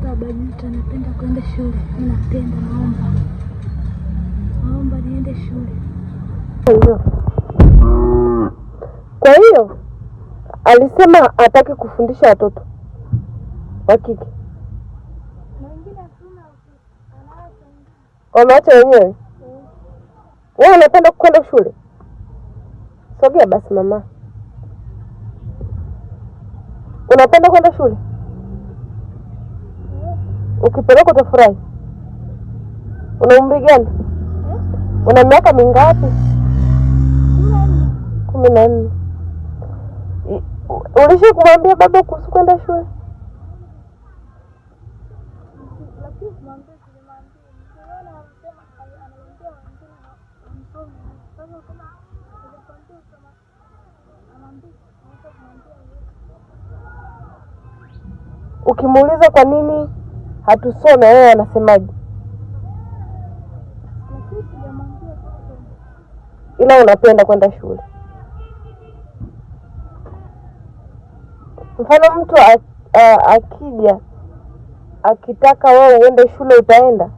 mtoto wa Bajunto, napenda kwenda shule. Mimi napenda, naomba naomba niende shule. Kwa hiyo alisema hataki kufundisha watoto wa kike, wameacha wenyewe. Mm. Wewe unapenda kwenda shule? Sogea basi mama, unapenda kwenda shule? Ukipeleka utafurahi. Una umri gani? Una miaka mingapi? Kumi na nne. Ulishi kumwambia baba kuhusu kwenda shule? Ukimuuliza kwa nini hatusome wewe anasemaje? Ila unapenda kwenda shule. Mfano mtu akija akitaka wewe uende shule utaenda?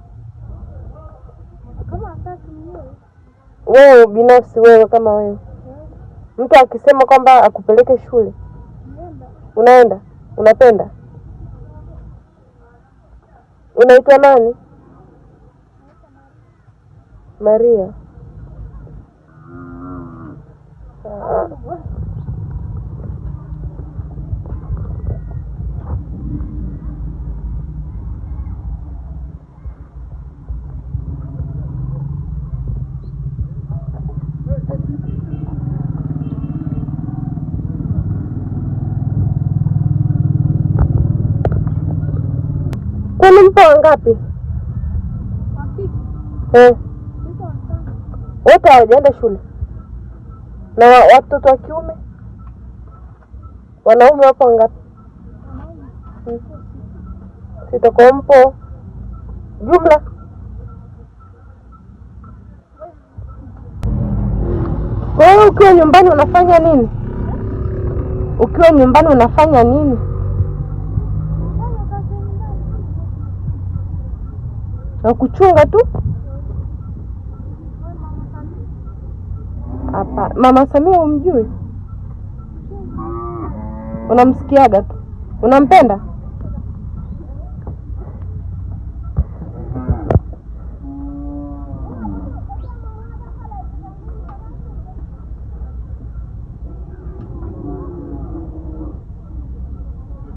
Wewe binafsi, wewe kama wewe, mtu akisema kwamba akupeleke shule unaenda? Unapenda? Unaitwa nani? Maria. mpo wangapi? Eh. Wote hawajaenda shule na watoto wa kiume wanaume wapo wangapi? Hmm. Sitoko mpo jumla wewe ukiwa nyumbani unafanya nini? Ukiwa nyumbani unafanya nini? na kuchunga tu. Hapa Mama Samia umjui? Unamsikiaga tu, unampenda?